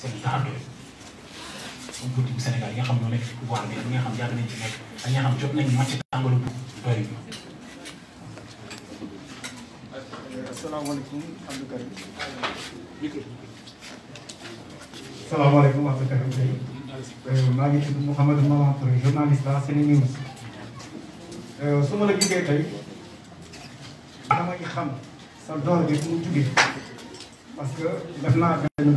seen temps suñu politique yi nga xam ñoo bi nga xam yàgg nañ ci nekk ak nga xam jot nañu màcc tàngoor bu bëri. asalaamaaleykum Abdou Karim. asalaamaaleykum euh, maa ngi euh, xam sa door bi fu mu jugee parce que def naa benn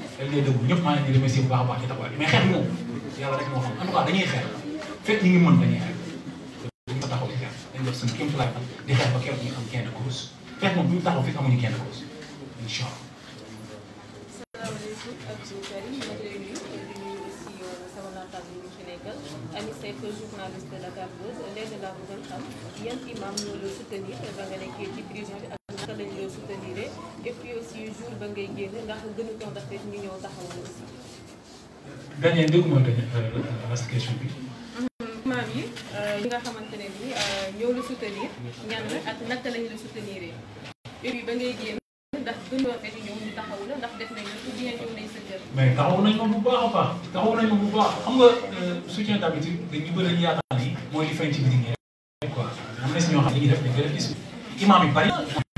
dañ lay déglu ñëpp maa ngi leen di remercier bu baax a baax ci taxawaay mais xeex moom yàlla rek moo xam en tout cas dañuy xeex fekk ñi ngi mën dañuy xeex duñ ko taxaw di xeex dañ def suñu kéemtalaay di xeex ba keroog ñu am kenn cause fekk moom bu ñu taxaw fekk amuñu kenn cause incha allah. salaamaaleykum Abdou Karim maa ngi lay nuyu di nuyu aussi sama naataal bi ñu fi nekkal Ami Seck journaliste de Dakar Buzz léegi laa bëggoon xam yan imam ñoo la soutenir ba nga nekkee ci prison bi et puis aussi ba ngay génn ndax gënutoon ndax ñu ñëw taxawal aussi. gagné dégguma euh, la question bi. Mm-hmm. maam yi euh, ñi nga xamante ne ni euh, soutenir ñan ak naka lañ la soutenir et ba ngay génn ndax gënoo fekk ñëw ñu taxaw la ndax def nañu ou bien ñëw sa kër. mais taxaw nañ ma bu baax a baax taxaw nañ ma bu baax xam nga soutien d'habitude dañu bëri ñu yaakaar ni mooy li feeñ ci biir quoi am na si ñoo xam ne dañuy def dañu def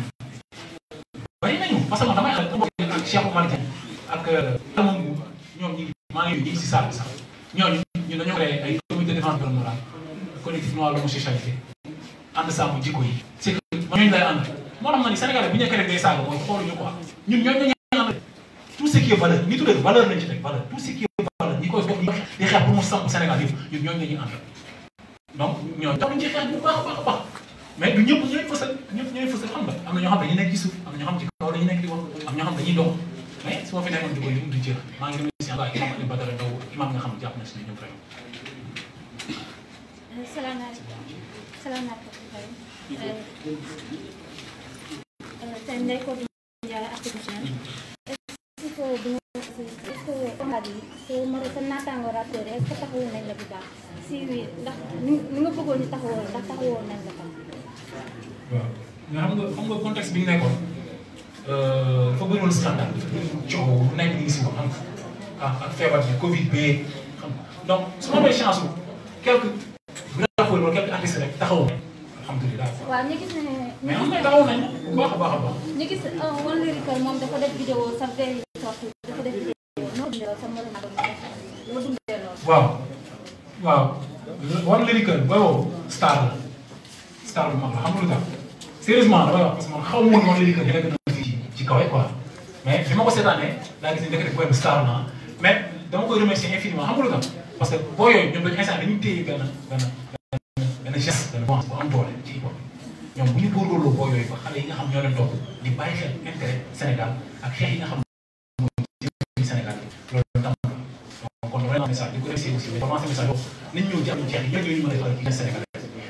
Cheikh Oumar Diagne ak euh, moom ñoom ñu ngi maa ngi ñu ngi si salle bi sax ñooñu ñu dañoo créé ay comité de défense de l'environnement collectif noir l'homosexualité ànd sàmm jikko yi c'est que ñooñu lay ànd moo tax ma ni Sénégalais bu ñu nekkee rek day saaga mooy xooluñu quoi ñun ñooñu dañuy ànd tout ce qui est valeur nitu réew valeur lañ ci teg valeur tout ce qui est valeur ñi koy bokk ñi di xeex pour mu sàmm Sénégal yëpp ñun ñooñu la ñuy ànd donc ñooñu tax ñu ci xeex bu baax a baax a baax mais du ñëpp ñooy fësal ñëpp ñooy fësal xam nga am na ñoo xam dañuy nekk ci suuf am na ñoo xam ci kaw dañuy nekk di wax am ñoo ma fi nekkoon di ko lim du ngi remercié Allah imam Ali Badara Ndaw xam jàpp na si ñëpp du est-ce que combat bi soo mara sa naataango rappeur nañ la bu si ni nga bëggoon ñu taxawoon ndax taxawoon nañ la tam. waaw nga xam nga xam nga contexte bi ñu nekkoon euh, fa bëriwoon scandale coow lu nekk ñu ngi si wax am ah, ak feebar bi Covid bee xam donc su ma may chance quelque rapport wala quelque artiste rek taxawoon alhamdulilah. waaw ñu gis ne. mais am na taxaw nañu bu baax a baax a baax. ñu gis euh, One Lyrical moom dafa def vidéo sa veille sortie dafa def vidéo noo dundee sa mën a loo dundee loolu. waaw waaw One Lyrical boobu star la. star bi mag la xam nga lu tax sérieusement damay wax que ci ci kaw quoi mais bi ma ko seetaanee daa gis ne dëkk bi booy bu star la mais dama koy remercier infiniment xam nga lu tax parce que boo yooyu ñoom dañu instant dañuy téye benn benn benn geste benn bu am doole ci bopp ñoom bu ñu góorgóorloo boo yooyu ba xale yi nga xam ñoo di bàyyi xel intérêt Sénégal ak xeex yi nga xam mooy Sénégal loolu tam donc kon damay naan message di ko remercier aussi mais commencé ñu mën a defal ci Sénégal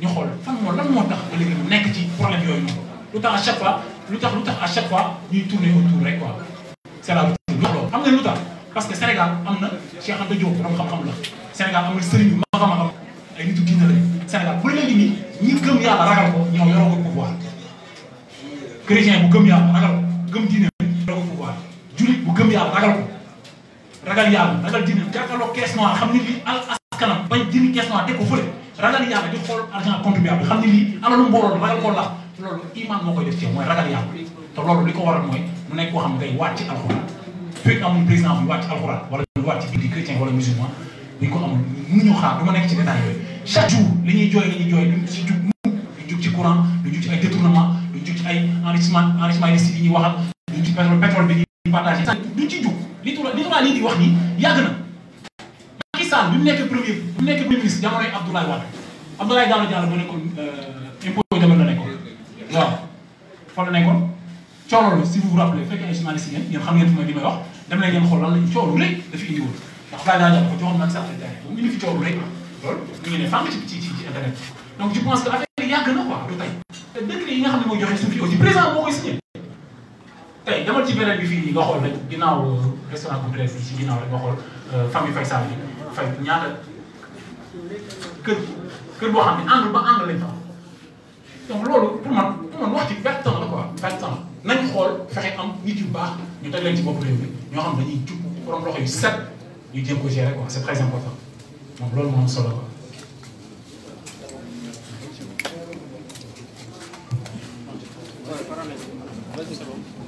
ñu xool fan moo lan moo tax ba léegi mu nekk ci problème lu tax à chaque fois lu tax lu tax à chaque fois ñuy tourner autour rek quoi c'est la tax parce que Sénégal am na Cheikh Anta Diop borom xam la Sénégal am na sëriñ yu mag a mag ay nitu diine lañ Sénégal bu léegi nii ñi gëm yàlla ragal ko ñoo yoroo ko pouvoir chrétien bu ragal ko ragal ko ragal yàlla ragal diine jàkkaarloo caisse noire xam ne lii al askanam bañ dindi caisse noire teg ragal yàlla di xool argent contribuable xam ne lii alalu mbooloo la ragal ko la loolu iman moo koy def ci mooy ragal yàlla li ko waral mooy mu nekk koo xam ne day waat ci alxuraan fekk amul président bu waat ci alxuraan wala ñu waat ci biir chrétien wala musulman dañ ko amul mënuñu xaar du ma nekk ci détail yooyu li ñuy jooy li ñuy jooy duñ si jug mukk duñ jug ci courant duñ jug ci ay détournement duñ jug ci ay enrichissement enrichissement illicite yi ñuy waxal duñ ci pétrole pétrole bi ñuy partagé duñ ci jug li tura nek premier nek premier ministre jamonoy Abdoulaye Wade Abdoulaye Daouda Diallo moo nekkoon euh, impôt yi demal la nekkoon waaw fa la nekkoon coono la si vous vous rappelez bu fekkee ay journaliste ngeen yéen xam ngeen fi ma li may wax dem nañ ñen xol lan lay coono rek da fi indi woon ndax Abdoulaye Daouda Diallo ko joxoon Macky Sall ba mu indi fi coono rek loolu ñu ne fam ci ci ci internet donc je pense que affaire yag na quoi du tay te décret yi nga xam ne mooy joxe suuf yi aussi président moo koy signé tay demal ci beneen bi fii nga xol rek ginaaw euh, restaurant bu Dresde yi ci ginnaaw rek nga xool euh, famille Faye fay ñaata kër kër boo xam ne angle ba angle lañ fa donc lolu pour man pour man wax ci perte la quoi perte temps nañ xol fexe am nit yu baax ñu tag leen ci bopp réew mi ñoo xam dañuy jub borom loxo yu set ñu jéem ko gérer quoi c'est très important donc lolu moo am solo quoi. Thank you.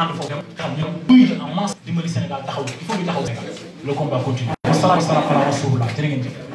ànd foofu taxaw ñoom muy la en masse dimbali Sénégal taxaw il faut que taxaw Sénégal le combat continue wasalaam wasalaam ala rasulullah jërë ngeen jëf